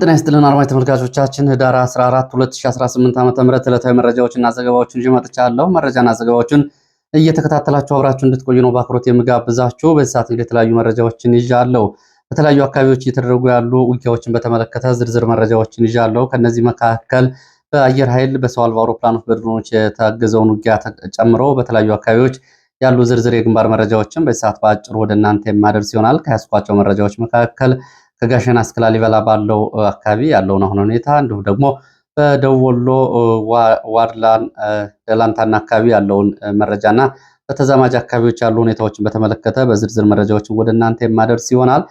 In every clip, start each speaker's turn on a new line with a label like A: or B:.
A: ሰላም ጤና ይስጥልን አድማጭ ተመልካቾቻችን ህዳር 14 2018 ዓ.ም ዕለታዊ መረጃዎችና ዘገባዎችን ይዤ መጥቻለሁ። መረጃና ዘገባዎችን እየተከታተላችሁ አብራችሁ እንድትቆዩ ነው በአክብሮት የምጋብዛችሁ። በዚህ ሰዓት እንግዲህ የተለያዩ መረጃዎችን ይዣለሁ። በተለያዩ አካባቢዎች እየተደረጉ ያሉ ውጊያዎችን በተመለከተ ዝርዝር መረጃዎችን ይዣለሁ። ከእነዚህ መካከል በአየር ኃይል በሰው አልባ አውሮፕላኖች፣ በድሮኖች የታገዘውን ውጊያ ጨምሮ በተለያዩ አካባቢዎች ያሉ ዝርዝር የግንባር መረጃዎችን በዚህ ሰዓት በአጭሩ ወደ እናንተ የማደርስ ይሆናል። ከያዝኳቸው መረጃዎች መካከል ከጋሸና እስከ ላሊበላ ባለው አካባቢ ያለውን አሁን ሁኔታ እንዲሁም ደግሞ በደቡብ ወሎ ዋድላን ደላንታና አካባቢ ያለውን መረጃና በተዛማጅ አካባቢዎች ያሉ ሁኔታዎችን በተመለከተ በዝርዝር መረጃዎችን ወደ እናንተ የማደርስ ይሆናል።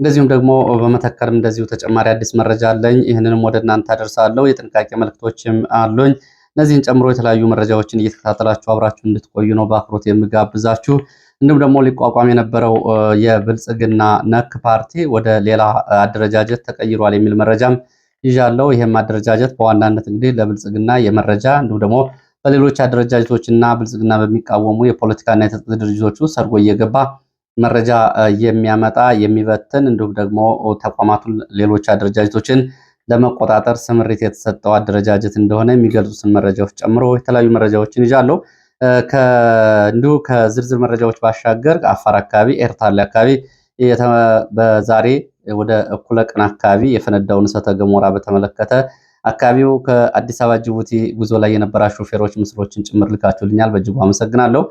A: እንደዚሁም ደግሞ በመተከልም እንደዚሁ ተጨማሪ አዲስ መረጃ አለኝ። ይህንንም ወደ እናንተ አደርሳለሁ። የጥንቃቄ መልክቶችም አሉኝ። እነዚህን ጨምሮ የተለያዩ መረጃዎችን እየተከታተላችሁ አብራችሁ እንድትቆዩ ነው በአክብሮት የምጋብዛችሁ። እንዲሁም ደግሞ ሊቋቋም የነበረው የብልጽግና ነክ ፓርቲ ወደ ሌላ አደረጃጀት ተቀይሯል የሚል መረጃም ይዣለው። ይህም አደረጃጀት በዋናነት እንግዲህ ለብልጽግና የመረጃ እንዲሁም ደግሞ በሌሎች አደረጃጀቶችና ብልጽግና በሚቃወሙ የፖለቲካና የትጥቅ ድርጅቶች ውስጥ ሰርጎ እየገባ መረጃ የሚያመጣ የሚበትን እንዲሁም ደግሞ ተቋማቱን ሌሎች አደረጃጀቶችን ለመቆጣጠር ስምሪት የተሰጠው አደረጃጀት እንደሆነ የሚገልጹትን መረጃዎች ጨምሮ የተለያዩ መረጃዎችን ይዣለሁ። እንዲሁ ከዝርዝር መረጃዎች ባሻገር አፋር አካባቢ ኤርታሌ አካባቢ በዛሬ ወደ እኩለ ቀን አካባቢ የፈነዳውን እሳተ ገሞራ በተመለከተ አካባቢው ከአዲስ አበባ ጅቡቲ ጉዞ ላይ የነበራ ሾፌሮች ምስሎችን ጭምር ልካችሁልኛል። በእጅጉ አመሰግናለሁ።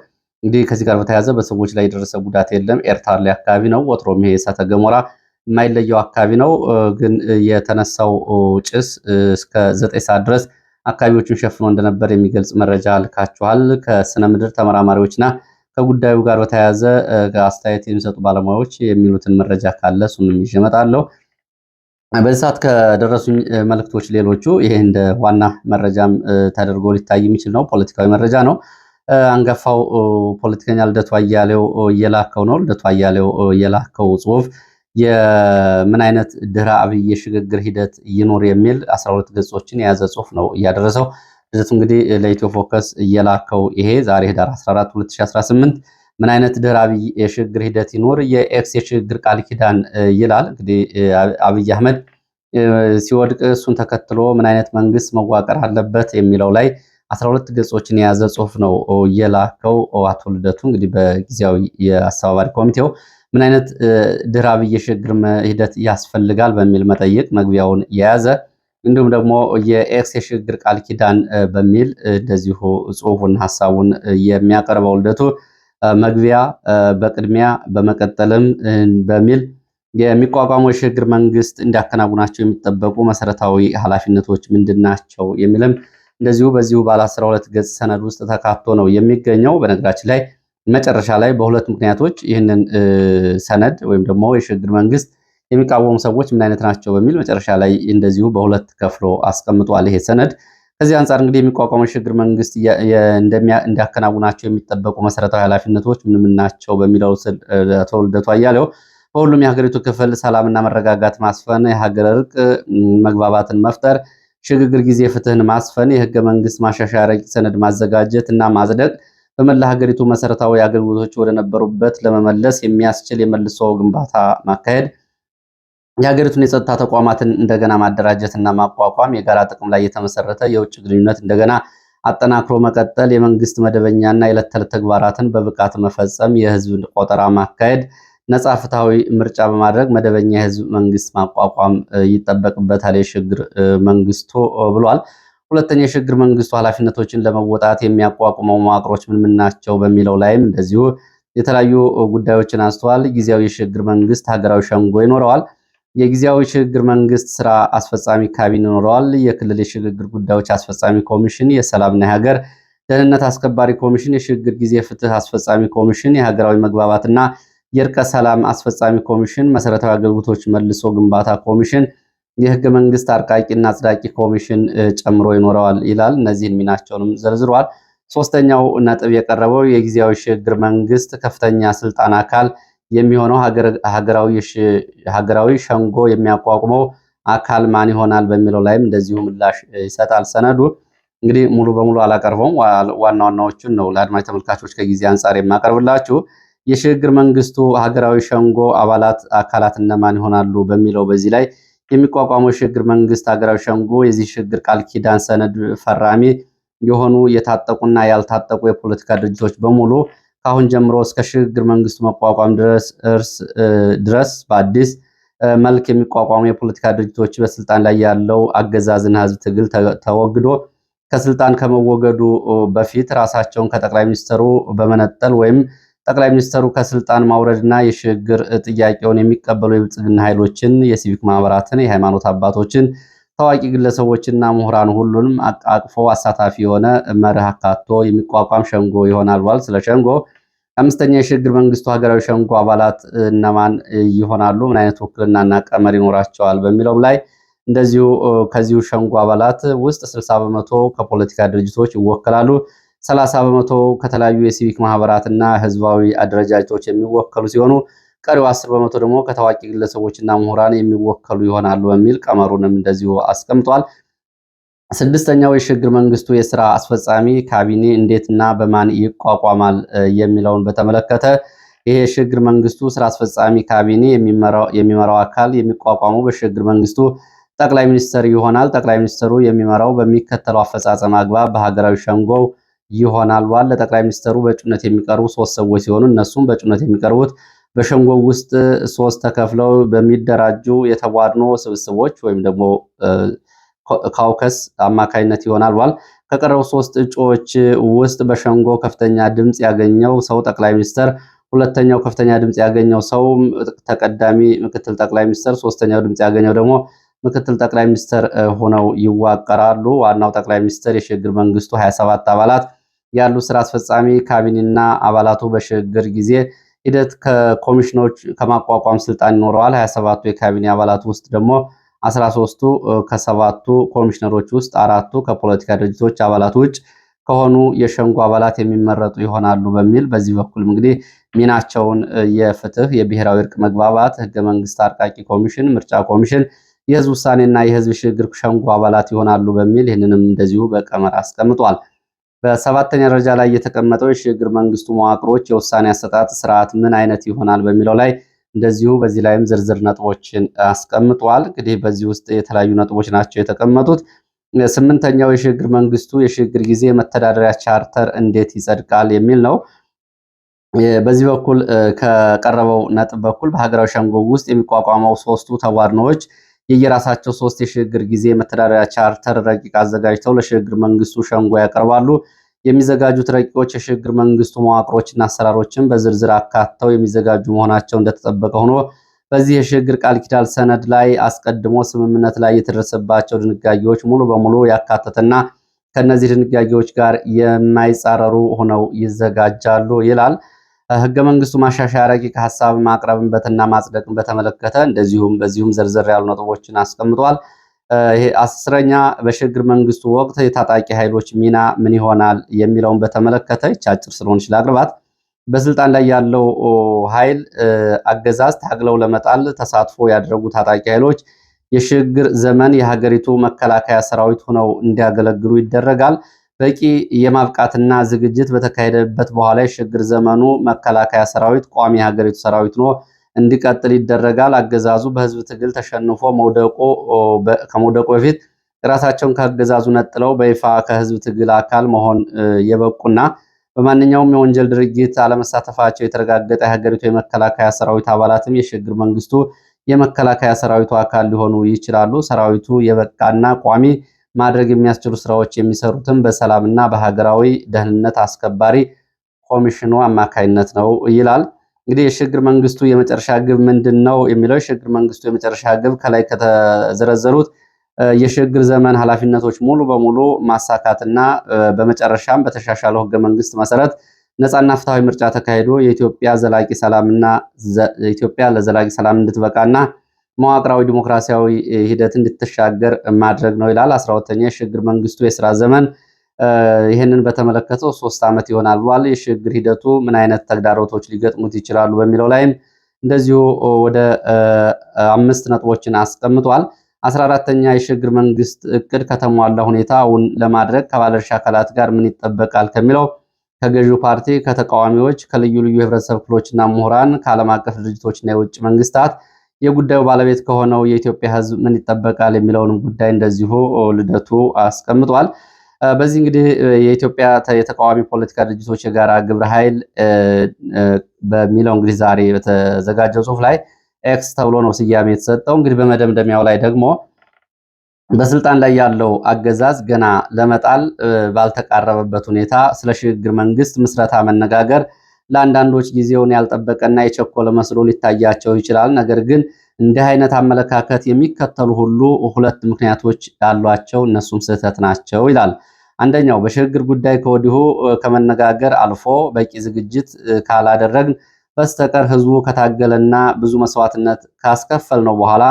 A: እንግዲህ ከዚህ ጋር በተያያዘ በሰዎች ላይ የደረሰ ጉዳት የለም። ኤርታሌ አካባቢ ነው። ወትሮም ይሄ እሳተ ገሞራ የማይለየው አካባቢ ነው። ግን የተነሳው ጭስ እስከ ዘጠኝ ሰዓት ድረስ አካባቢዎቹን ሸፍኖ እንደነበር የሚገልጽ መረጃ ልካችኋል። ከስነ ምድር ተመራማሪዎችና ከጉዳዩ ጋር በተያያዘ አስተያየት የሚሰጡ ባለሙያዎች የሚሉትን መረጃ ካለ እሱንም ይዤ እመጣለሁ። በዚህ ሰዓት ከደረሱኝ መልእክቶች ሌሎቹ ይሄ እንደ ዋና መረጃም ተደርጎ ሊታይ የሚችል ነው። ፖለቲካዊ መረጃ ነው። አንጋፋው ፖለቲከኛ ልደቱ አያሌው እየላከው ነው። ልደቱ አያሌው እየላከው ጽሁፍ የምን አይነት ድህረ አብይ የሽግግር ሂደት ይኖር የሚል 12 ገጾችን የያዘ ጽሁፍ ነው እያደረሰው ድርጅቱ እንግዲህ ለኢትዮ ፎከስ እየላከው ይሄ ዛሬ ህዳር 14 2018 ምን አይነት ድህረ አብይ የሽግግር ሂደት ይኖር የኤክስ የሽግግር ቃል ኪዳን ይላል። እንግዲህ አብይ አህመድ ሲወድቅ እሱን ተከትሎ ምን አይነት መንግስት መዋቀር አለበት የሚለው ላይ አስራ ሁለት ገጾችን የያዘ ጽሁፍ ነው የላከው አቶ ልደቱ። እንግዲህ በጊዜያዊ የአስተባባሪ ኮሚቴው ምን አይነት ድራብ የሽግግር ሂደት ያስፈልጋል በሚል መጠይቅ መግቢያውን የያዘ እንዲሁም ደግሞ የኤክስ የሽግግር ቃል ኪዳን በሚል እንደዚሁ ጽሁፉን ሀሳቡን የሚያቀርበው ልደቱ መግቢያ በቅድሚያ በመቀጠልም በሚል የሚቋቋመው የሽግግር መንግስት እንዲያከናውናቸው የሚጠበቁ መሰረታዊ ኃላፊነቶች ምንድን ናቸው የሚልም እንደዚሁ በዚሁ ባለ 12 ገጽ ሰነድ ውስጥ ተካቶ ነው የሚገኘው። በነገራችን ላይ መጨረሻ ላይ በሁለት ምክንያቶች ይህንን ሰነድ ወይም ደግሞ የሽግግር መንግስት የሚቃወሙ ሰዎች ምን አይነት ናቸው በሚል መጨረሻ ላይ እንደዚሁ በሁለት ከፍሎ አስቀምጧል ይሄ ሰነድ። ከዚህ አንጻር እንግዲህ የሚቋቋመው ሽግግር መንግስት እንዲያከናውናቸው የሚጠበቁ መሰረታዊ ኃላፊነቶች ምንም ናቸው በሚለው አቶ ልደቱ አያሌው በሁሉም የሀገሪቱ ክፍል ሰላምና መረጋጋት ማስፈን፣ የሀገር እርቅ፣ መግባባትን መፍጠር ሽግግር ጊዜ ፍትህን ማስፈን የህገ መንግስት ማሻሻያ ረቂቅ ሰነድ ማዘጋጀት እና ማጽደቅ በመላ ሀገሪቱ መሰረታዊ አገልግሎቶች ወደነበሩበት ለመመለስ የሚያስችል የመልሶ ግንባታ ማካሄድ የሀገሪቱን የጸጥታ ተቋማትን እንደገና ማደራጀት እና ማቋቋም የጋራ ጥቅም ላይ የተመሰረተ የውጭ ግንኙነት እንደገና አጠናክሮ መቀጠል የመንግስት መደበኛና የዕለት ተዕለት ተግባራትን በብቃት መፈጸም የህዝብ ቆጠራ ማካሄድ ነጻ ፍትሐዊ ምርጫ በማድረግ መደበኛ የህዝብ መንግስት ማቋቋም ይጠበቅበታል የሽግግር መንግስቱ ብሏል። ሁለተኛ የሽግግር መንግስቱ ኃላፊነቶችን ለመወጣት የሚያቋቁመው መዋቅሮች ምን ምን ናቸው በሚለው ላይም እንደዚሁ የተለያዩ ጉዳዮችን አንስተዋል። ጊዜያዊ የሽግግር መንግስት ሀገራዊ ሸንጎ ይኖረዋል። የጊዜያዊ ሽግግር መንግስት ስራ አስፈጻሚ ካቢኔ ይኖረዋል። የክልል የሽግግር ጉዳዮች አስፈጻሚ ኮሚሽን፣ የሰላምና የሀገር ደህንነት አስከባሪ ኮሚሽን፣ የሽግግር ጊዜ ፍትህ አስፈጻሚ ኮሚሽን፣ የሀገራዊ መግባባትና የእርቀ ሰላም አስፈጻሚ ኮሚሽን፣ መሰረታዊ አገልግሎቶች መልሶ ግንባታ ኮሚሽን፣ የህገ መንግስት አርቃቂና አጽዳቂ ኮሚሽን ጨምሮ ይኖረዋል ይላል። እነዚህን ሚናቸውንም ዘርዝሯል። ሶስተኛው ነጥብ የቀረበው የጊዜያዊ ሽግግር መንግስት ከፍተኛ ስልጣን አካል የሚሆነው ሀገራዊ ሸንጎ የሚያቋቁመው አካል ማን ይሆናል በሚለው ላይም እንደዚሁ ምላሽ ይሰጣል ሰነዱ። እንግዲህ ሙሉ በሙሉ አላቀርበውም። ዋና ዋናዎቹን ነው ለአድማጭ ተመልካቾች ከጊዜ አንጻር የማቀርብላችሁ። የሽግግር መንግስቱ ሀገራዊ ሸንጎ አባላት አካላት እነማን ይሆናሉ በሚለው በዚህ ላይ የሚቋቋመው የሽግግር መንግስት ሀገራዊ ሸንጎ የዚህ ሽግግር ቃል ኪዳን ሰነድ ፈራሚ የሆኑ የታጠቁና ያልታጠቁ የፖለቲካ ድርጅቶች በሙሉ ከአሁን ጀምሮ እስከ ሽግግር መንግስቱ መቋቋም ድረስ በአዲስ መልክ የሚቋቋሙ የፖለቲካ ድርጅቶች በስልጣን ላይ ያለው አገዛዝና ህዝብ ትግል ተወግዶ ከስልጣን ከመወገዱ በፊት ራሳቸውን ከጠቅላይ ሚኒስትሩ በመነጠል ወይም ጠቅላይ ሚኒስተሩ ከስልጣን ማውረድና የሽግግር ጥያቄውን የሚቀበሉ የብልጽግና ኃይሎችን፣ የሲቪክ ማህበራትን፣ የሃይማኖት አባቶችን፣ ታዋቂ ግለሰቦችና ምሁራን ሁሉንም አቃቅፎ አሳታፊ የሆነ መርህ አካቶ የሚቋቋም ሸንጎ ይሆናል ብሏል። ስለ ሸንጎ አምስተኛ የሽግግር መንግስቱ ሀገራዊ ሸንጎ አባላት እነማን ይሆናሉ? ምን አይነት ውክልናና ቀመር ይኖራቸዋል? በሚለውም ላይ እንደዚሁ ከዚሁ ሸንጎ አባላት ውስጥ ስልሳ በመቶ ከፖለቲካ ድርጅቶች ይወከላሉ። ሰላሳ በመቶ ከተለያዩ የሲቪክ ማህበራትና ህዝባዊ አደረጃጀቶች የሚወከሉ ሲሆኑ ቀሪው አስር በመቶ ደግሞ ከታዋቂ ግለሰቦችና ምሁራን የሚወከሉ ይሆናሉ በሚል ቀመሩንም እንደዚሁ አስቀምጧል። ስድስተኛው የሽግግር መንግስቱ የስራ አስፈጻሚ ካቢኔ እንዴትና በማን ይቋቋማል የሚለውን በተመለከተ ይህ የሽግግር መንግስቱ ስራ አስፈጻሚ ካቢኔ የሚመራው አካል የሚቋቋመው በሽግግር መንግስቱ ጠቅላይ ሚኒስተር ይሆናል። ጠቅላይ ሚኒስተሩ የሚመራው በሚከተለው አፈጻጸም አግባብ በሀገራዊ ሸንጎው ይሆናል ብሏል። ለጠቅላይ ሚኒስትሩ በእጩነት የሚቀርቡ ሶስት ሰዎች ሲሆኑ እነሱም በእጩነት የሚቀርቡት በሸንጎ ውስጥ ሶስት ተከፍለው በሚደራጁ የተቧድኖ ስብስቦች ወይም ደግሞ ካውከስ አማካይነት ይሆናል ብሏል። ከቀረቡ ሶስት እጩዎች ውስጥ በሸንጎ ከፍተኛ ድምፅ ያገኘው ሰው ጠቅላይ ሚኒስትር፣ ሁለተኛው ከፍተኛ ድምፅ ያገኘው ሰው ተቀዳሚ ምክትል ጠቅላይ ሚኒስትር፣ ሶስተኛው ድምፅ ያገኘው ደግሞ ምክትል ጠቅላይ ሚኒስትር ሆነው ይዋቀራሉ። ዋናው ጠቅላይ ሚኒስትር የሽግግር መንግስቱ 27 አባላት ያሉ ስራ አስፈጻሚ ካቢኔና አባላቱ በሽግግር ጊዜ ሂደት ከኮሚሽኖች ከማቋቋም ስልጣን ይኖረዋል። 27ቱ የካቢኔ አባላት ውስጥ ደግሞ 13ቱ ከሰባቱ ኮሚሽነሮች ውስጥ አራቱ ከፖለቲካ ድርጅቶች አባላት ውጭ ከሆኑ የሸንጎ አባላት የሚመረጡ ይሆናሉ በሚል በዚህ በኩልም እንግዲህ ሚናቸውን የፍትህ፣ የብሔራዊ እርቅ መግባባት፣ ህገ መንግስት አርቃቂ ኮሚሽን፣ ምርጫ ኮሚሽን፣ የህዝብ ውሳኔና የህዝብ ሽግግር ሸንጎ አባላት ይሆናሉ በሚል ይህንንም እንደዚሁ በቀመር አስቀምጧል። በሰባተኛ ደረጃ ላይ የተቀመጠው የሽግግር መንግስቱ መዋቅሮች የውሳኔ አሰጣጥ ስርዓት ምን አይነት ይሆናል በሚለው ላይ እንደዚሁ በዚህ ላይም ዝርዝር ነጥቦችን አስቀምጧል። እንግዲህ በዚህ ውስጥ የተለያዩ ነጥቦች ናቸው የተቀመጡት። ስምንተኛው የሽግግር መንግስቱ የሽግግር ጊዜ መተዳደሪያ ቻርተር እንዴት ይጸድቃል የሚል ነው። በዚህ በኩል ከቀረበው ነጥብ በኩል በሀገራዊ ሸንጎ ውስጥ የሚቋቋመው ሶስቱ ተቧድኖዎች የየራሳቸው ሶስት የሽግግር ጊዜ መተዳደሪያ ቻርተር ረቂቅ አዘጋጅተው ለሽግግር መንግስቱ ሸንጎ ያቀርባሉ። የሚዘጋጁት ረቂቆች የሽግግር መንግስቱ መዋቅሮችና አሰራሮችን በዝርዝር አካተው የሚዘጋጁ መሆናቸው እንደተጠበቀ ሆኖ በዚህ የሽግግር ቃል ኪዳን ሰነድ ላይ አስቀድሞ ስምምነት ላይ የተደረሰባቸው ድንጋጌዎች ሙሉ በሙሉ ያካተተና ከእነዚህ ድንጋጌዎች ጋር የማይጻረሩ ሆነው ይዘጋጃሉ ይላል። ህገ መንግስቱ ማሻሻያ ረቂቅ ሀሳብ ማቅረብን በትና ማጽደቅን በተመለከተ እንደዚሁም በዚሁም ዘርዘር ያሉ ነጥቦችን አስቀምጧል። አስረኛ በሽግግር መንግስቱ ወቅት የታጣቂ ኃይሎች ሚና ምን ይሆናል የሚለውን በተመለከተ ይቻጭር ስለሆን ይችላል አቅርባት በስልጣን ላይ ያለው ኃይል አገዛዝ ታግለው ለመጣል ተሳትፎ ያደረጉ ታጣቂ ኃይሎች የሽግግር ዘመን የሀገሪቱ መከላከያ ሰራዊት ሆነው እንዲያገለግሉ ይደረጋል። በቂ የማብቃትና ዝግጅት በተካሄደበት በኋላ የሽግግር ዘመኑ መከላከያ ሰራዊት ቋሚ የሀገሪቱ ሰራዊት ነው እንዲቀጥል ይደረጋል። አገዛዙ በህዝብ ትግል ተሸንፎ ከመውደቁ በፊት ራሳቸውን ከአገዛዙ ነጥለው በይፋ ከህዝብ ትግል አካል መሆን የበቁና በማንኛውም የወንጀል ድርጊት አለመሳተፋቸው የተረጋገጠ የሀገሪቱ የመከላከያ ሰራዊት አባላትም የሽግግር መንግስቱ የመከላከያ ሰራዊቱ አካል ሊሆኑ ይችላሉ። ሰራዊቱ የበቃና ቋሚ ማድረግ የሚያስችሉ ስራዎች የሚሰሩትም በሰላምና በሀገራዊ ደህንነት አስከባሪ ኮሚሽኑ አማካይነት ነው ይላል። እንግዲህ የሽግግር መንግስቱ የመጨረሻ ግብ ምንድን ነው የሚለው የሽግግር መንግስቱ የመጨረሻ ግብ ከላይ ከተዘረዘሩት የሽግግር ዘመን ኃላፊነቶች ሙሉ በሙሉ ማሳካትና በመጨረሻም በተሻሻለው ህገ መንግስት መሰረት ነጻና ፍትሐዊ ምርጫ ተካሂዶ የኢትዮጵያ ለዘላቂ ሰላም እንድትበቃና መዋቅራዊ ዲሞክራሲያዊ ሂደት እንድትሻገር ማድረግ ነው ይላል። አስራ ሁለተኛ የሽግግር መንግስቱ የስራ ዘመን ይህንን በተመለከተው ሶስት ዓመት ይሆናል ብሏል። የሽግግር ሂደቱ ምን አይነት ተግዳሮቶች ሊገጥሙት ይችላሉ በሚለው ላይም እንደዚሁ ወደ አምስት ነጥቦችን አስቀምጧል። አስራ አራተኛ የሽግግር መንግስት እቅድ ከተሟላ ሁኔታ እውን ለማድረግ ከባለድርሻ አካላት ጋር ምን ይጠበቃል ከሚለው ከገዢው ፓርቲ፣ ከተቃዋሚዎች፣ ከልዩ ልዩ የህብረተሰብ ክፍሎችና ምሁራን፣ ከዓለም አቀፍ ድርጅቶችና የውጭ መንግስታት የጉዳዩ ባለቤት ከሆነው የኢትዮጵያ ሕዝብ ምን ይጠበቃል የሚለውንም ጉዳይ እንደዚሁ ልደቱ አስቀምጧል። በዚህ እንግዲህ የኢትዮጵያ የተቃዋሚ ፖለቲካ ድርጅቶች የጋራ ግብረ ኃይል በሚለው እንግዲህ ዛሬ በተዘጋጀው ጽሁፍ ላይ ኤክስ ተብሎ ነው ስያሜ የተሰጠው። እንግዲህ በመደምደሚያው ላይ ደግሞ በስልጣን ላይ ያለው አገዛዝ ገና ለመጣል ባልተቃረበበት ሁኔታ ስለ ሽግግር መንግስት ምስረታ መነጋገር ለአንዳንዶች ጊዜውን ያልጠበቀና የቸኮለ መስሎ ሊታያቸው ይችላል። ነገር ግን እንዲህ አይነት አመለካከት የሚከተሉ ሁሉ ሁለት ምክንያቶች አሏቸው፣ እነሱም ስህተት ናቸው ይላል። አንደኛው በሽግግር ጉዳይ ከወዲሁ ከመነጋገር አልፎ በቂ ዝግጅት ካላደረግን በስተቀር ህዝቡ ከታገለና ብዙ መስዋዕትነት ካስከፈል ነው በኋላ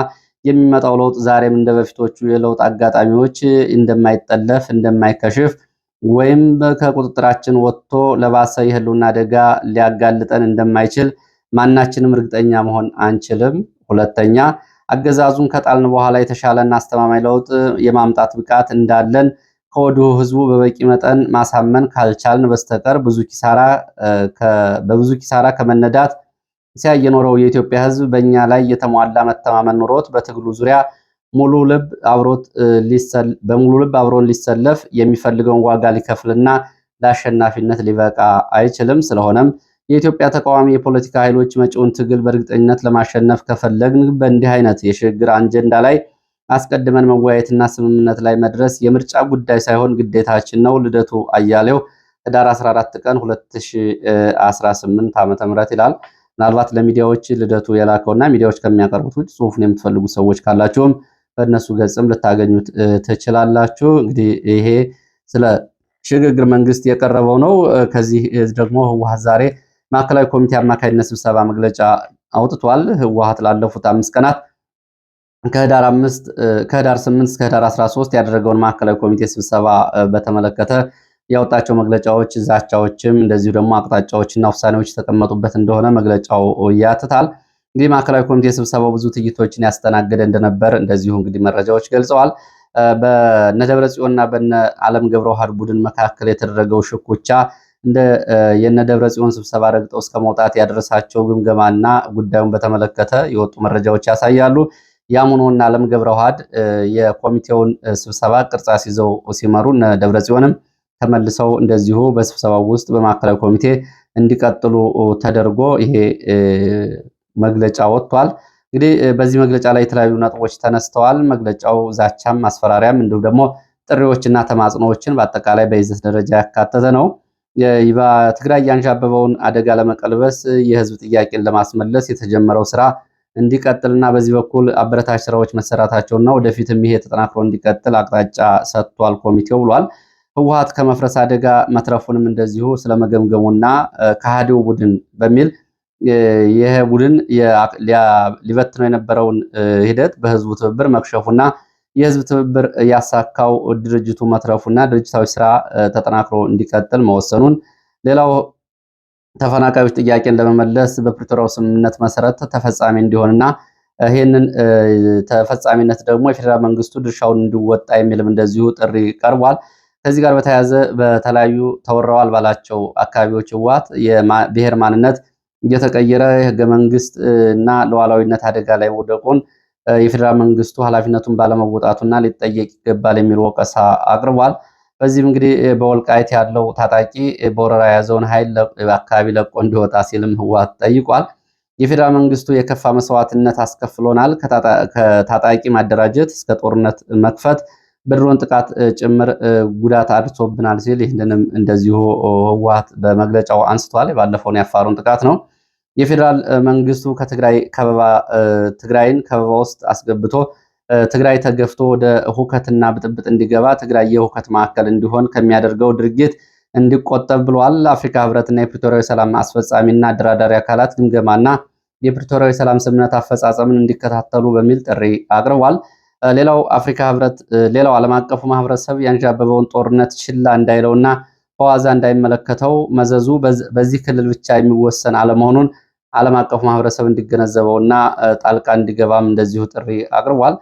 A: የሚመጣው ለውጥ ዛሬም እንደ በፊቶቹ የለውጥ አጋጣሚዎች እንደማይጠለፍ እንደማይከሽፍ ወይም ከቁጥጥራችን ወጥቶ ለባሰ የህልውና አደጋ ሊያጋልጠን እንደማይችል ማናችንም እርግጠኛ መሆን አንችልም። ሁለተኛ አገዛዙን ከጣልን በኋላ የተሻለና አስተማማኝ ለውጥ የማምጣት ብቃት እንዳለን ከወዲሁ ህዝቡ በበቂ መጠን ማሳመን ካልቻልን በስተቀር በብዙ ኪሳራ ከመነዳት ሲያየኖረው የኢትዮጵያ ህዝብ በእኛ ላይ የተሟላ መተማመን ኑሮት በትግሉ ዙሪያ ሙሉ ልብ አብሮት በሙሉ ልብ አብሮን ሊሰለፍ የሚፈልገውን ዋጋ ሊከፍልና ለአሸናፊነት ሊበቃ አይችልም። ስለሆነም የኢትዮጵያ ተቃዋሚ የፖለቲካ ኃይሎች መጪውን ትግል በእርግጠኝነት ለማሸነፍ ከፈለግን በእንዲህ አይነት የሽግግር አንጀንዳ ላይ አስቀድመን መወያየትና ስምምነት ላይ መድረስ የምርጫ ጉዳይ ሳይሆን ግዴታችን ነው። ልደቱ አያሌው ህዳር 14 ቀን 2018 ዓ ም ይላል። ምናልባት ለሚዲያዎች ልደቱ የላከውና ሚዲያዎች ከሚያቀርቡት ውጭ ጽሁፉን የምትፈልጉ ሰዎች ካላችሁም በእነሱ ገጽም ልታገኙት ትችላላችሁ። እንግዲህ ይሄ ስለ ሽግግር መንግስት የቀረበው ነው። ከዚህ ደግሞ ህወሓት ዛሬ ማዕከላዊ ኮሚቴ አማካኝነት ስብሰባ መግለጫ አውጥቷል። ህወሓት ላለፉት አምስት ቀናት ከህዳር አምስት ከህዳር ስምንት እስከ ህዳር አስራ ሶስት ያደረገውን ማዕከላዊ ኮሚቴ ስብሰባ በተመለከተ ያወጣቸው መግለጫዎች፣ ዛቻዎችም እንደዚሁ ደግሞ አቅጣጫዎችና ውሳኔዎች የተቀመጡበት እንደሆነ መግለጫው ያትታል። እንግዲህ ማዕከላዊ ኮሚቴ ስብሰባው ብዙ ትዕይንቶችን ያስተናገደ እንደነበር እንደዚሁ እንግዲህ መረጃዎች ገልጸዋል። በነ ደብረ ጽዮንና በነ አለም ገብረ ውሃድ ቡድን መካከል የተደረገው ሽኩቻ እንደ የነ ደብረ ጽዮን ስብሰባ ረግጠው እስከ መውጣት ያደረሳቸው ግምገማና ጉዳዩን በተመለከተ የወጡ መረጃዎች ያሳያሉ። ያሙኖና አለም ገብረ ውሃድ የኮሚቴውን ስብሰባ ቅርጻ ሲዘው ሲመሩ እነ ደብረ ጽዮንም ተመልሰው እንደዚሁ በስብሰባው ውስጥ በማዕከላዊ ኮሚቴ እንዲቀጥሉ ተደርጎ ይሄ መግለጫ ወጥቷል። እንግዲህ በዚህ መግለጫ ላይ የተለያዩ ነጥቦች ተነስተዋል። መግለጫው ዛቻም፣ ማስፈራሪያም እንዲሁም ደግሞ ጥሪዎችና ተማጽኖዎችን በአጠቃላይ በይዘት ደረጃ ያካተተ ነው። ትግራይ ያንዣበበውን አደጋ ለመቀልበስ የህዝብ ጥያቄን ለማስመለስ የተጀመረው ስራ እንዲቀጥልና በዚህ በኩል አበረታች ስራዎች መሰራታቸውና ወደፊትም ይሄ ተጠናክሮ እንዲቀጥል አቅጣጫ ሰጥቷል ኮሚቴው ብሏል። ህወሓት ከመፍረስ አደጋ መትረፉንም እንደዚሁ ስለመገምገሙና ከሃዲው ቡድን በሚል ይህ ቡድን ሊበትነው የነበረውን ሂደት በህዝቡ ትብብር መክሸፉና የህዝብ ትብብር ያሳካው ድርጅቱ መትረፉና ድርጅታዊ ስራ ተጠናክሮ እንዲቀጥል መወሰኑን ሌላው ተፈናቃዮች ጥያቄን ለመመለስ በፕሪቶሪያው ስምምነት መሰረት ተፈጻሚ እንዲሆንና ይህንን ተፈጻሚነት ደግሞ የፌዴራል መንግስቱ ድርሻውን እንዲወጣ የሚልም እንደዚሁ ጥሪ ቀርቧል። ከዚህ ጋር በተያያዘ በተለያዩ ተወረዋል ባላቸው አካባቢዎች ህወሓት የብሔር ማንነት እየተቀየረ የህገ መንግስት እና ሉዓላዊነት አደጋ ላይ መውደቁን የፌዴራል መንግስቱ ኃላፊነቱን ባለመወጣቱና ሊጠየቅ ይገባል የሚል ወቀሳ አቅርቧል። በዚህም እንግዲህ በወልቃይት ያለው ታጣቂ በወረራ የያዘውን ኃይል አካባቢ ለቆ እንዲወጣ ሲልም ህወሓት ጠይቋል። የፌዴራል መንግስቱ የከፋ መስዋዕትነት አስከፍሎናል፣ ከታጣቂ ማደራጀት እስከ ጦርነት መክፈት በድሮን ጥቃት ጭምር ጉዳት አድርሶብናል ሲል ይህንንም እንደዚሁ ህወሓት በመግለጫው አንስቷል። የባለፈውን ያፋሩን ጥቃት ነው። የፌዴራል መንግስቱ ከትግራይ ከበባ ትግራይን ከበባ ውስጥ አስገብቶ ትግራይ ተገፍቶ ወደ ሁከትና ብጥብጥ እንዲገባ ትግራይ የሁከት ማዕከል እንዲሆን ከሚያደርገው ድርጊት እንዲቆጠብ ብሏል። አፍሪካ ህብረትና የፕሪቶሪያዊ ሰላም አስፈጻሚና አደራዳሪ አካላት ግምገማና የፕሪቶሪያዊ ሰላም ስምምነት አፈጻጸምን እንዲከታተሉ በሚል ጥሪ አቅርቧል። ሌላው አፍሪካ ህብረት ሌላው ዓለም አቀፉ ማህበረሰብ ያንዣበበውን ጦርነት ችላ እንዳይለውና በዋዛ እንዳይመለከተው መዘዙ በዚህ ክልል ብቻ የሚወሰን አለመሆኑን ዓለም አቀፉ ማህበረሰብ እንዲገነዘበውና ጣልቃ እንዲገባም እንደዚሁ ጥሪ አቅርቧል።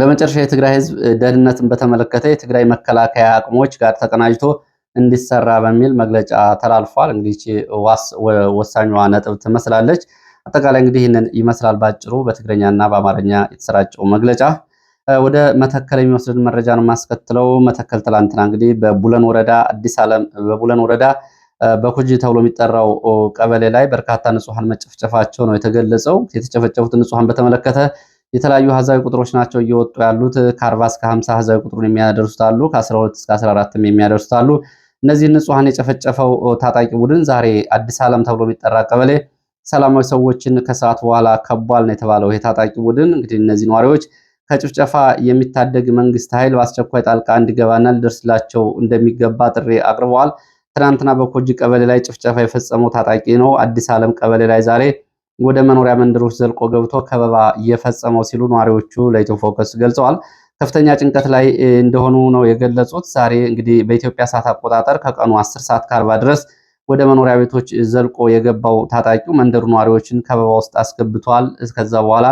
A: በመጨረሻ የትግራይ ህዝብ ደህንነትን በተመለከተ የትግራይ መከላከያ አቅሞች ጋር ተቀናጅቶ እንዲሰራ በሚል መግለጫ ተላልፏል። እንግዲህ ወሳኛዋ ነጥብ ትመስላለች። አጠቃላይ እንግዲህ ይህንን ይመስላል ባጭሩ በትግረኛና በአማርኛ የተሰራጨው መግለጫ። ወደ መተከል የሚወስድን መረጃ ነው የማስከትለው። መተከል ትላንትና እንግዲህ በቡለን ወረዳ አዲስ ዓለም በቡለን ወረዳ በኩጂ ተብሎ የሚጠራው ቀበሌ ላይ በርካታ ንጹሐን መጨፍጨፋቸው ነው የተገለጸው። የተጨፈጨፉትን ንጹሐን በተመለከተ የተለያዩ አሃዛዊ ቁጥሮች ናቸው እየወጡ ያሉት። ከ40 እስከ 50 አሃዛዊ ቁጥሩን የሚያደርሱት አሉ። ከ ከ12 እስከ 14 የሚያደርሱት አሉ። እነዚህ ንጹሐን የጨፈጨፈው ታጣቂ ቡድን ዛሬ አዲስ ዓለም ተብሎ የሚጠራ ቀበሌ ሰላማዊ ሰዎችን ከሰዓት በኋላ ከቧል ነው የተባለው። ይሄ ታጣቂ ቡድን እንግዲህ እነዚህ ነዋሪዎች ከጭፍጨፋ የሚታደግ መንግስት ኃይል በአስቸኳይ ጣልቃ እንዲገባና ሊደርስላቸው እንደሚገባ ጥሪ አቅርበዋል። ትናንትና በኮጂ ቀበሌ ላይ ጭፍጨፋ የፈጸመው ታጣቂ ነው አዲስ ዓለም ቀበሌ ላይ ዛሬ ወደ መኖሪያ መንደሮች ዘልቆ ገብቶ ከበባ እየፈጸመው ሲሉ ነዋሪዎቹ ለኢትዮ ፎከስ ገልጸዋል። ከፍተኛ ጭንቀት ላይ እንደሆኑ ነው የገለጹት። ዛሬ እንግዲህ በኢትዮጵያ ሰዓት አቆጣጠር ከቀኑ 10 ሰዓት ከአርባ ድረስ ወደ መኖሪያ ቤቶች ዘልቆ የገባው ታጣቂው መንደሩ ነዋሪዎችን ከበባ ውስጥ አስገብቷል። ከዛ በኋላ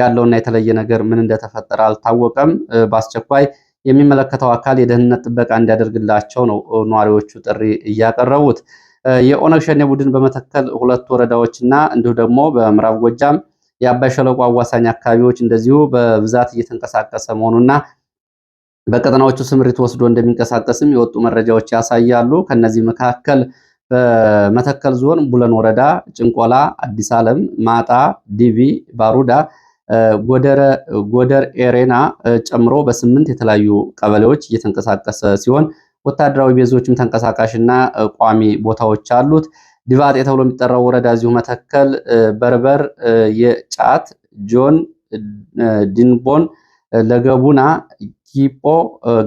A: ያለውና የተለየ ነገር ምን እንደተፈጠረ አልታወቀም። በአስቸኳይ የሚመለከተው አካል የደህንነት ጥበቃ እንዲያደርግላቸው ነው ነዋሪዎቹ ጥሪ እያቀረቡት። የኦነግ ሸኔ ቡድን በመተከል ሁለት ወረዳዎችና እንዲሁ ደግሞ በምዕራብ ጎጃም የአባይ ሸለቆ አዋሳኝ አካባቢዎች እንደዚሁ በብዛት እየተንቀሳቀሰ መሆኑና በቀጠናዎቹ ስምሪት ወስዶ እንደሚንቀሳቀስም የወጡ መረጃዎች ያሳያሉ። ከነዚህ መካከል በመተከል ዞን ቡለን ወረዳ ጭንቆላ፣ አዲስ ዓለም፣ ማጣ፣ ዲቪ ባሩዳ ጎደር ኤሬና ጨምሮ በስምንት የተለያዩ ቀበሌዎች እየተንቀሳቀሰ ሲሆን ወታደራዊ ቤዞችም ተንቀሳቃሽና ቋሚ ቦታዎች አሉት። ዲቫጤ ተብሎ የሚጠራው ወረዳ እዚሁ መተከል፣ በርበር፣ የጫት ጆን፣ ድንቦን፣ ለገቡና፣ ኪፖ፣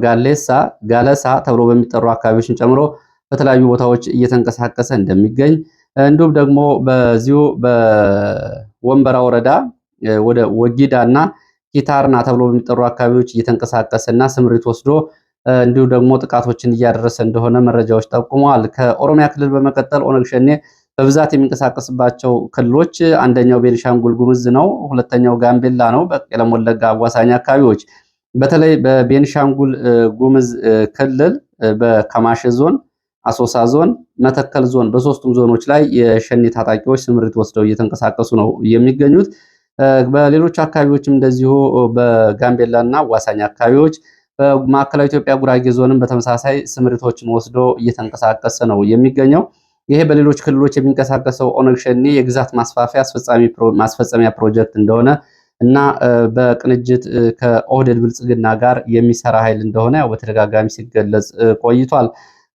A: ጋሌሳ፣ ጋለሳ ተብሎ በሚጠሩ አካባቢዎችን ጨምሮ በተለያዩ ቦታዎች እየተንቀሳቀሰ እንደሚገኝ እንዲሁም ደግሞ በዚሁ በወንበራ ወረዳ ወደ ወጊዳ እና ኪታርና ተብሎ በሚጠሩ አካባቢዎች እየተንቀሳቀሰ እና ስምሪት ወስዶ እንዲሁ ደግሞ ጥቃቶችን እያደረሰ እንደሆነ መረጃዎች ጠቁመዋል። ከኦሮሚያ ክልል በመቀጠል ኦነግ ሸኔ በብዛት የሚንቀሳቀስባቸው ክልሎች አንደኛው ቤኒሻንጉል ጉምዝ ነው። ሁለተኛው ጋምቤላ ነው፣ በቄለም ወለጋ አዋሳኝ አካባቢዎች። በተለይ በቤኒሻንጉል ጉምዝ ክልል በከማሽ ዞን፣ አሶሳ ዞን፣ መተከል ዞን በሶስቱም ዞኖች ላይ የሸኔ ታጣቂዎች ስምሪት ወስደው እየተንቀሳቀሱ ነው የሚገኙት። በሌሎች አካባቢዎችም እንደዚሁ በጋምቤላ እና አዋሳኝ አካባቢዎች በማዕከላዊ ኢትዮጵያ ጉራጌ ዞንም በተመሳሳይ ስምሪቶችን ወስዶ እየተንቀሳቀሰ ነው የሚገኘው። ይሄ በሌሎች ክልሎች የሚንቀሳቀሰው ኦነግ ሸኔ የግዛት ማስፋፊያ ማስፈጸሚያ ፕሮጀክት እንደሆነ እና በቅንጅት ከኦህደድ ብልጽግና ጋር የሚሰራ ኃይል እንደሆነ ያው በተደጋጋሚ ሲገለጽ ቆይቷል።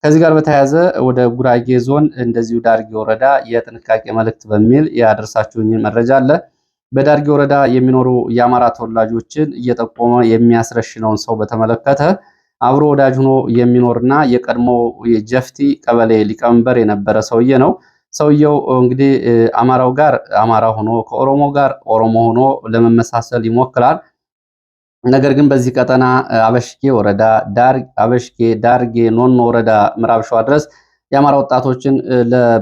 A: ከዚህ ጋር በተያያዘ ወደ ጉራጌ ዞን እንደዚሁ ዳርጌ ወረዳ የጥንቃቄ መልእክት በሚል ያደርሳችሁኝ መረጃ አለ። በዳርጌ ወረዳ የሚኖሩ የአማራ ተወላጆችን እየጠቆመ የሚያስረሽነውን ሰው በተመለከተ አብሮ ወዳጅ ሆኖ የሚኖርና የቀድሞ የጀፍቲ ቀበሌ ሊቀመንበር የነበረ ሰውዬ ነው። ሰውየው እንግዲህ አማራው ጋር አማራ ሆኖ ከኦሮሞ ጋር ኦሮሞ ሆኖ ለመመሳሰል ይሞክራል። ነገር ግን በዚህ ቀጠና አበሽጌ ወረዳ አበሽጌ ዳርጌ ኖኖ ወረዳ ምዕራብ ሸዋ ድረስ የአማራ ወጣቶችን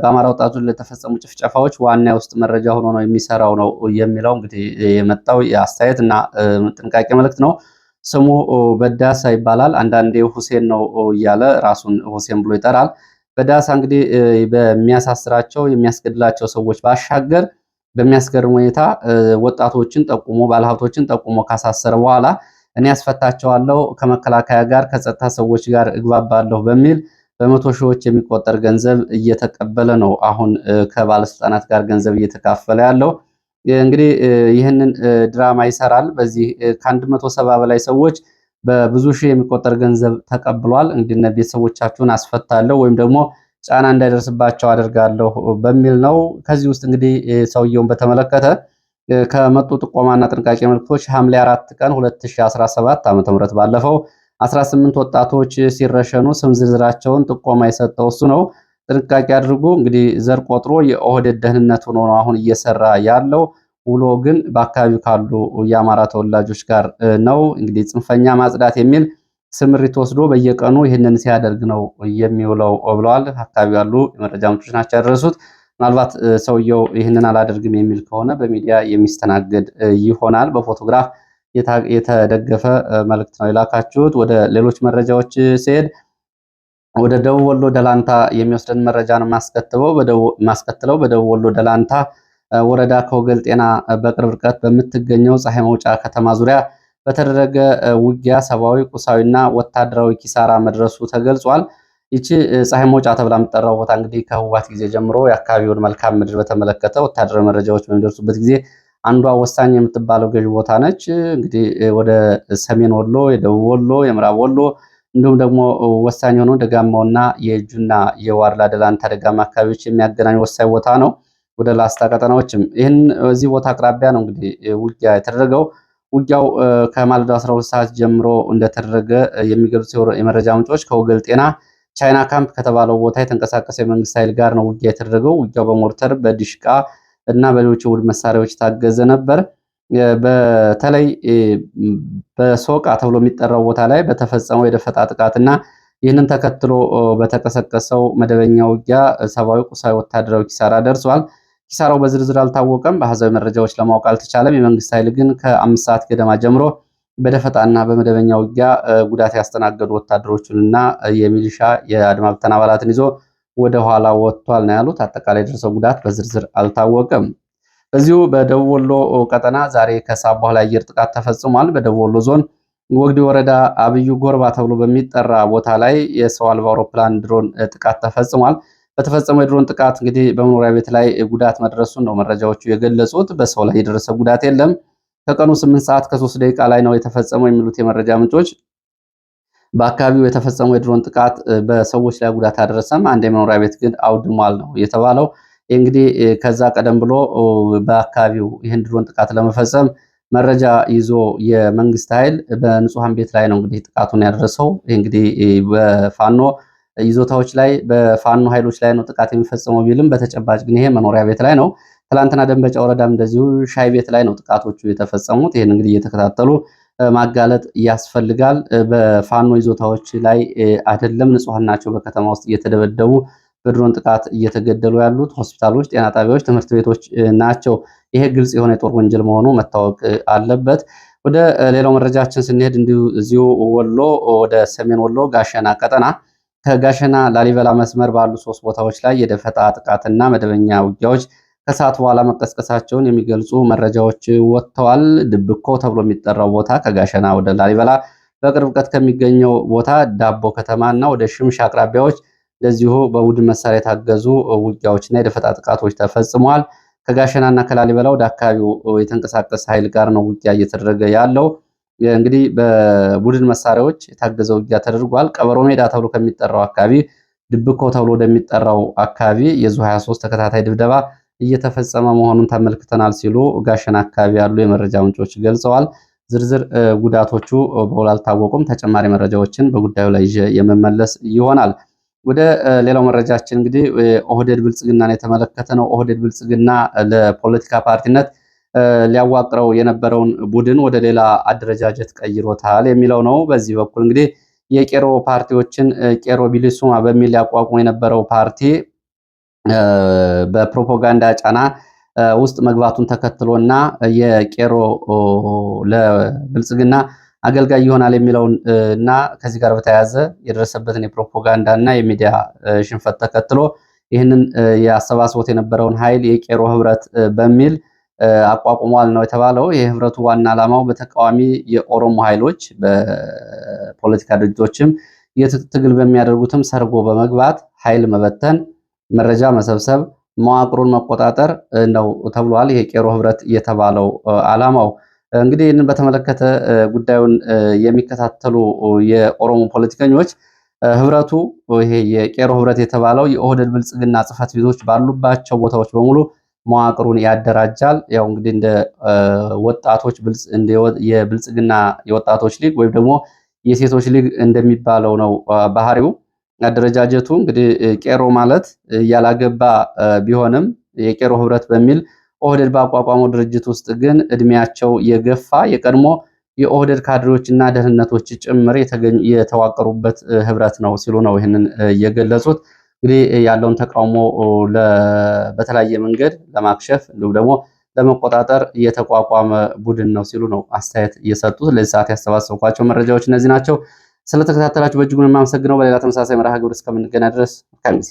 A: በአማራ ወጣቶች ለተፈጸሙ ጭፍጨፋዎች ዋና የውስጥ መረጃ ሆኖ ነው የሚሰራው ነው የሚለው እንግዲህ የመጣው የአስተያየት እና ጥንቃቄ መልእክት ነው። ስሙ በዳሳ ይባላል። አንዳንዴ ሁሴን ነው እያለ ራሱን ሁሴን ብሎ ይጠራል። በዳሳ እንግዲህ በሚያሳስራቸው የሚያስገድላቸው ሰዎች ባሻገር በሚያስገርም ሁኔታ ወጣቶችን ጠቁሞ ባለሀብቶችን ጠቁሞ ካሳሰረ በኋላ እኔ ያስፈታቸዋለሁ ከመከላከያ ጋር ከጸጥታ ሰዎች ጋር እግባባለሁ በሚል በመቶ ሺዎች የሚቆጠር ገንዘብ እየተቀበለ ነው። አሁን ከባለስልጣናት ጋር ገንዘብ እየተካፈለ ያለው እንግዲህ ይህንን ድራማ ይሰራል። በዚህ ከአንድ መቶ ሰባ በላይ ሰዎች በብዙ ሺህ የሚቆጠር ገንዘብ ተቀብሏል። እንግዲህ ቤተሰቦቻችሁን አስፈታለሁ ወይም ደግሞ ጫና እንዳይደርስባቸው አደርጋለሁ በሚል ነው። ከዚህ ውስጥ እንግዲህ ሰውየውን በተመለከተ ከመጡ ጥቆማና ጥንቃቄ መልክቶች ሐምሌ አራት ቀን 2017 ም ባለፈው 18 ወጣቶች ሲረሸኑ ስም ዝርዝራቸውን ጥቆማ የሰጠው እሱ ነው። ጥንቃቄ አድርጉ። እንግዲህ ዘር ቆጥሮ የኦህዴድ ደህንነት ሆኖ ነው አሁን እየሰራ ያለው። ውሎ ግን በአካባቢው ካሉ የአማራ ተወላጆች ጋር ነው። እንግዲህ ጽንፈኛ ማጽዳት የሚል ስምሪት ወስዶ በየቀኑ ይህንን ሲያደርግ ነው የሚውለው ብለዋል። አካባቢ ያሉ የመረጃ ምንጮች ናቸው ያደረሱት። ምናልባት ሰውየው ይህንን አላደርግም የሚል ከሆነ በሚዲያ የሚስተናገድ ይሆናል በፎቶግራፍ የተደገፈ መልእክት ነው የላካችሁት። ወደ ሌሎች መረጃዎች ሲሄድ ወደ ደቡብ ወሎ ደላንታ የሚወስደን መረጃ ነው ማስከትለው። በደቡብ ወሎ ደላንታ ወረዳ ከወገል ጤና በቅርብ ርቀት በምትገኘው ፀሐይ መውጫ ከተማ ዙሪያ በተደረገ ውጊያ ሰብአዊ፣ ቁሳዊና ወታደራዊ ኪሳራ መድረሱ ተገልጿል። ይቺ ፀሐይ መውጫ ተብላ የምትጠራው ቦታ እንግዲህ ከህወሓት ጊዜ ጀምሮ የአካባቢውን መልካም ምድር በተመለከተ ወታደራዊ መረጃዎች በሚደርሱበት ጊዜ አንዷ ወሳኝ የምትባለው ገዥ ቦታ ነች። እንግዲህ ወደ ሰሜን ወሎ፣ የደቡብ ወሎ፣ የምዕራብ ወሎ እንዲሁም ደግሞ ወሳኝ የሆነው ደጋማውና የእጁና የዋድላ ደላንታ ደጋማ አካባቢዎች የሚያገናኝ ወሳኝ ቦታ ነው። ወደ ላስታ ቀጠናዎችም ይህን እዚህ ቦታ አቅራቢያ ነው እንግዲህ ውጊያ የተደረገው። ውጊያው ከማለዳ 12 ሰዓት ጀምሮ እንደተደረገ የሚገልጹ የመረጃ ምንጮች ከወገል ጤና ቻይና ካምፕ ከተባለው ቦታ የተንቀሳቀሰ የመንግስት ኃይል ጋር ነው ውጊያ የተደረገው። ውጊያው በሞርተር በዲሽቃ እና በሌሎች ውድ መሳሪያዎች ታገዘ ነበር። በተለይ በሶቃ ተብሎ የሚጠራው ቦታ ላይ በተፈጸመው የደፈጣ ጥቃትና ይህንን ተከትሎ በተቀሰቀሰው መደበኛ ውጊያ ሰብአዊ፣ ቁሳዊ፣ ወታደራዊ ኪሳራ ደርሷል። ኪሳራው በዝርዝር አልታወቀም። በአሃዛዊ መረጃዎች ለማወቅ አልተቻለም። የመንግስት ኃይል ግን ከአምስት ሰዓት ገደማ ጀምሮ በደፈጣና በመደበኛ ውጊያ ጉዳት ያስተናገዱ ወታደሮቹንና የሚሊሻ የአድማ ብተና አባላትን ይዞ ወደ ኋላ ወጥቷል ነው ያሉት። አጠቃላይ የደረሰው ጉዳት በዝርዝር አልታወቀም። በዚሁ በደቡብ ወሎ ቀጠና ዛሬ ከሰዓት በኋላ አየር ጥቃት ተፈጽሟል። በደቡብ ወሎ ዞን ወግዲ ወረዳ አብዩ ጎርባ ተብሎ በሚጠራ ቦታ ላይ የሰው አልባ አውሮፕላን ድሮን ጥቃት ተፈጽሟል። በተፈጸመው የድሮን ጥቃት እንግዲህ በመኖሪያ ቤት ላይ ጉዳት መድረሱን ነው መረጃዎቹ የገለጹት። በሰው ላይ የደረሰ ጉዳት የለም። ከቀኑ ስምንት ሰዓት ከሶስት ደቂቃ ላይ ነው የተፈጸመው የሚሉት የመረጃ ምንጮች በአካባቢው የተፈጸመው የድሮን ጥቃት በሰዎች ላይ ጉዳት አደረሰም፣ አንድ የመኖሪያ ቤት ግን አውድሟል ነው የተባለው። እንግዲህ ከዛ ቀደም ብሎ በአካባቢው ይህን ድሮን ጥቃት ለመፈጸም መረጃ ይዞ የመንግስት ኃይል በንጹሐን ቤት ላይ ነው እንግዲህ ጥቃቱን ያደረሰው። እንግዲህ በፋኖ ይዞታዎች ላይ በፋኖ ኃይሎች ላይ ነው ጥቃት የሚፈጸመው ቢልም በተጨባጭ ግን ይሄ መኖሪያ ቤት ላይ ነው። ትላንትና ደንበጫ ወረዳም እንደዚሁ ሻይ ቤት ላይ ነው ጥቃቶቹ የተፈጸሙት። ይህን እንግዲህ እየተከታተሉ ማጋለጥ ያስፈልጋል። በፋኖ ይዞታዎች ላይ አይደለም፣ ንጹሐን ናቸው በከተማ ውስጥ እየተደበደቡ በድሮን ጥቃት እየተገደሉ ያሉት ሆስፒታሎች፣ ጤና ጣቢያዎች፣ ትምህርት ቤቶች ናቸው። ይሄ ግልጽ የሆነ የጦር ወንጀል መሆኑ መታወቅ አለበት። ወደ ሌላው መረጃችን ስንሄድ እዚሁ ወሎ ወደ ሰሜን ወሎ ጋሸና ቀጠና ከጋሸና ላሊበላ መስመር ባሉ ሶስት ቦታዎች ላይ የደፈጣ ጥቃትና መደበኛ ውጊያዎች ከሰዓት በኋላ መቀስቀሳቸውን የሚገልጹ መረጃዎች ወጥተዋል። ድብኮ ተብሎ የሚጠራው ቦታ ከጋሸና ወደ ላሊበላ በቅርብ ርቀት ከሚገኘው ቦታ ዳቦ ከተማ እና ወደ ሽምሻ አቅራቢያዎች እንደዚሁ በቡድን መሳሪያ የታገዙ ውጊያዎችና የደፈጣ ጥቃቶች ተፈጽመዋል። ከጋሸና እና ከላሊበላ ወደ አካባቢው የተንቀሳቀሰ ኃይል ጋር ነው ውጊያ እየተደረገ ያለው። እንግዲህ በቡድን መሳሪያዎች የታገዘ ውጊያ ተደርጓል። ቀበሮ ሜዳ ተብሎ ከሚጠራው አካባቢ ድብኮ ተብሎ ወደሚጠራው አካባቢ የዙ 23 ተከታታይ ድብደባ እየተፈጸመ መሆኑን ተመልክተናል ሲሉ ጋሸና አካባቢ ያሉ የመረጃ ምንጮች ገልጸዋል። ዝርዝር ጉዳቶቹ በውል አልታወቁም። ተጨማሪ መረጃዎችን በጉዳዩ ላይ ይዤ የመመለስ ይሆናል። ወደ ሌላው መረጃችን እንግዲህ ኦህደድ ብልጽግናን የተመለከተ ነው። ኦህደድ ብልጽግና ለፖለቲካ ፓርቲነት ሊያዋቅረው የነበረውን ቡድን ወደ ሌላ አደረጃጀት ቀይሮታል የሚለው ነው። በዚህ በኩል እንግዲህ የቄሮ ፓርቲዎችን ቄሮ ቢሊሱማ በሚል ሊያቋቁም የነበረው ፓርቲ በፕሮፓጋንዳ ጫና ውስጥ መግባቱን ተከትሎና የቄሮ ለብልጽግና አገልጋይ ይሆናል የሚለውን እና ከዚህ ጋር በተያያዘ የደረሰበትን የፕሮፓጋንዳ እና የሚዲያ ሽንፈት ተከትሎ ይህንን የአሰባስቦት የነበረውን ኃይል የቄሮ ህብረት በሚል አቋቁሟል ነው የተባለው። የህብረቱ ዋና ዓላማው በተቃዋሚ የኦሮሞ ኃይሎች በፖለቲካ ድርጅቶችም የትጥቅ ትግል በሚያደርጉትም ሰርጎ በመግባት ኃይል መበተን መረጃ መሰብሰብ፣ መዋቅሩን መቆጣጠር ነው ተብሏል። ይሄ ቄሮ ህብረት የተባለው አላማው እንግዲህ ይህንን በተመለከተ ጉዳዩን የሚከታተሉ የኦሮሞ ፖለቲከኞች ህብረቱ ይሄ የቄሮ ህብረት የተባለው የኦህደድ ብልጽግና ጽሕፈት ቤቶች ባሉባቸው ቦታዎች በሙሉ መዋቅሩን ያደራጃል። ያው እንግዲህ እንደ ወጣቶች የብልጽግና የወጣቶች ሊግ ወይም ደግሞ የሴቶች ሊግ እንደሚባለው ነው ባህሪው። አደረጃጀቱ እንግዲህ ቄሮ ማለት ያላገባ ቢሆንም የቄሮ ህብረት በሚል ኦህደድ ባቋቋመው ድርጅት ውስጥ ግን እድሜያቸው የገፋ የቀድሞ የኦህደድ ካድሬዎች እና ደህንነቶች ጭምር የተዋቀሩበት ህብረት ነው ሲሉ ነው ይህንን የገለጹት። እንግዲህ ያለውን ተቃውሞ በተለያየ መንገድ ለማክሸፍ እንዲሁም ደግሞ ለመቆጣጠር የተቋቋመ ቡድን ነው ሲሉ ነው አስተያየት የሰጡት። ለዚህ ሰዓት ያሰባሰብኳቸው መረጃዎች እነዚህ ናቸው። ስለተከታተላችሁ በእጅጉን የማመሰግነው። በሌላ ተመሳሳይ መርሃ ግብር እስከምንገና ድረስ መልካም ጊዜ